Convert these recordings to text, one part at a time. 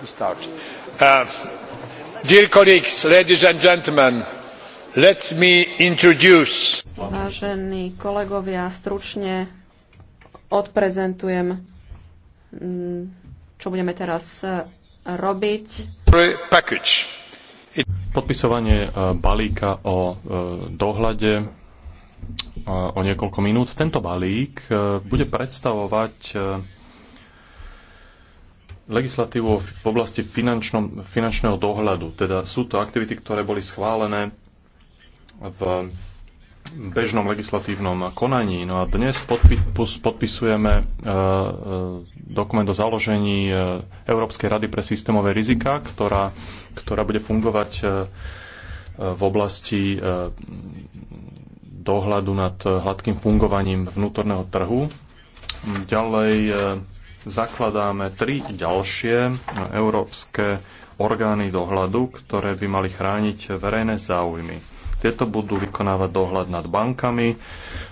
Uh, dear colleagues, ladies and gentlemen, let me introduce. Vážení kolegovia, stručne odprezentujem, mm, čo budeme teraz eh, robiť. Package. Podpisovanie eh, balíka o eh, dohľade o niekoľko minút. Tento balík bude predstavovať legislatívu v oblasti finančného dohľadu. Teda sú to aktivity, ktoré boli schválené v bežnom legislatívnom konaní. No a dnes podpisujeme e, e, dokument o založení e, Európskej rady pre systémové rizika, ktorá, ktorá bude fungovať v oblasti dohľadu nad hladkým fungovaním vnútorného trhu. Ďalej zakladáme tri ďalšie európske orgány dohľadu, ktoré by mali chrániť verejné záujmy. Tieto budú vykonávať dohľad nad bankami, e,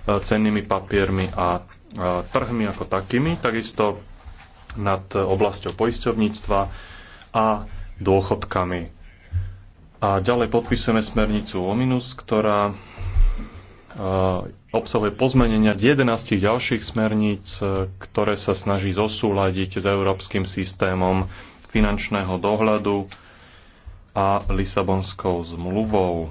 cennými papiermi a e, trhmi ako takými, takisto nad oblasťou poisťovníctva a dôchodkami. A ďalej podpisujeme smernicu OMINUS, ktorá E, obsahuje pozmenenia 11 ďalších smerníc, e, ktoré sa snaží zosúľadiť s európskym systémom finančného dohľadu a Lisabonskou zmluvou.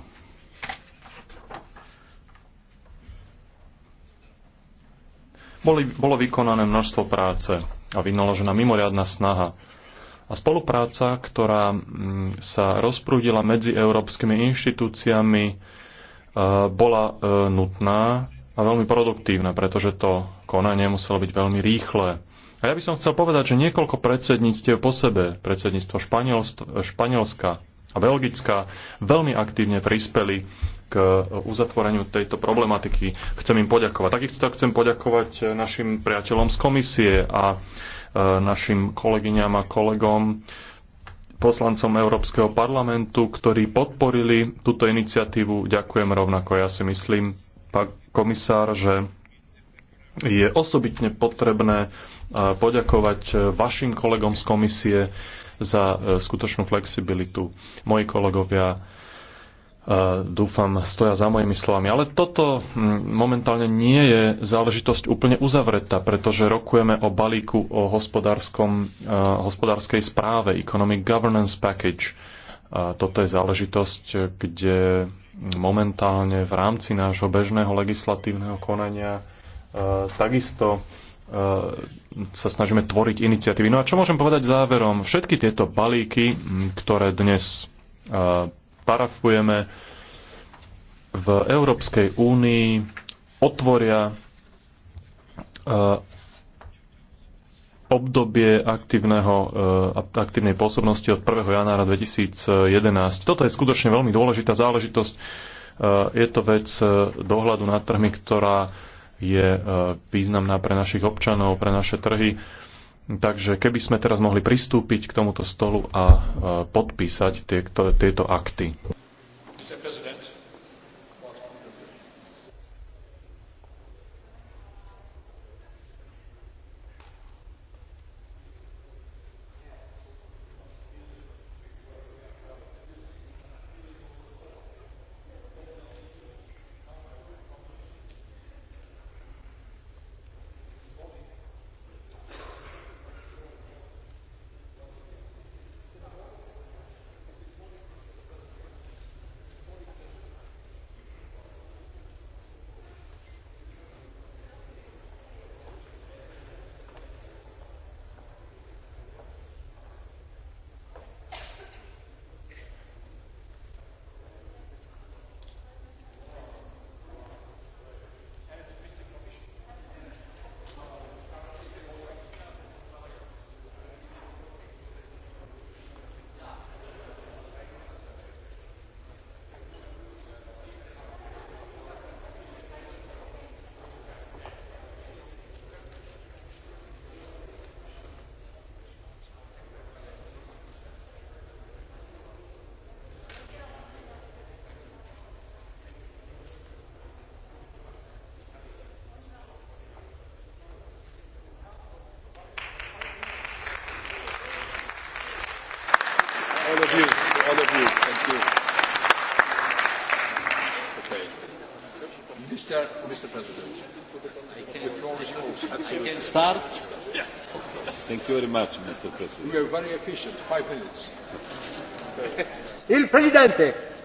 Boli, bolo vykonané množstvo práce a vynaložená mimoriadná snaha. A spolupráca, ktorá mm, sa rozprúdila medzi európskymi inštitúciami, E, bola e, nutná a veľmi produktívna, pretože to konanie muselo byť veľmi rýchle. A ja by som chcel povedať, že niekoľko predsedníctiev po sebe, predsedníctvo Španielska a Belgická, veľmi aktívne prispeli k uzatvoreniu tejto problematiky. Chcem im poďakovať. Takisto chcem poďakovať e, našim priateľom z komisie a našim kolegyňam a kolegom poslancom Európskeho parlamentu, ktorí podporili túto iniciatívu. Ďakujem rovnako. Ja si myslím, pán komisár, že je osobitne potrebné e, poďakovať e, vašim kolegom z komisie za e, skutočnú flexibilitu. Moji kolegovia dúfam, stoja za mojimi slovami. Ale toto mm, momentálne nie je záležitosť úplne uzavretá, pretože rokujeme o balíku o hospodárskom, e, hospodárskej správe, Economic Governance Package. Toto je záležitosť, kde momentálne v rámci nášho bežného legislatívneho konania e, takisto e, sa snažíme tvoriť iniciatívy. No a čo môžem povedať záverom? Všetky tieto balíky, ktoré dnes parafujeme, v Európskej únii otvoria e, obdobie aktívneho, e, aktívnej pôsobnosti od 1. januára 2011. Toto je skutočne veľmi dôležitá záležitosť. E, je to vec dohľadu nad trhmi, ktorá je významná pre našich občanov, pre naše trhy Takže keby sme teraz mohli pristúpiť k tomuto stolu a e, podpísať tieto, akty. Mr. Mr. President, I can, the floor is yours. I can start. Yeah. Of course. Thank you very much, Mr. President. You are very efficient. Five minutes. Il Presidente.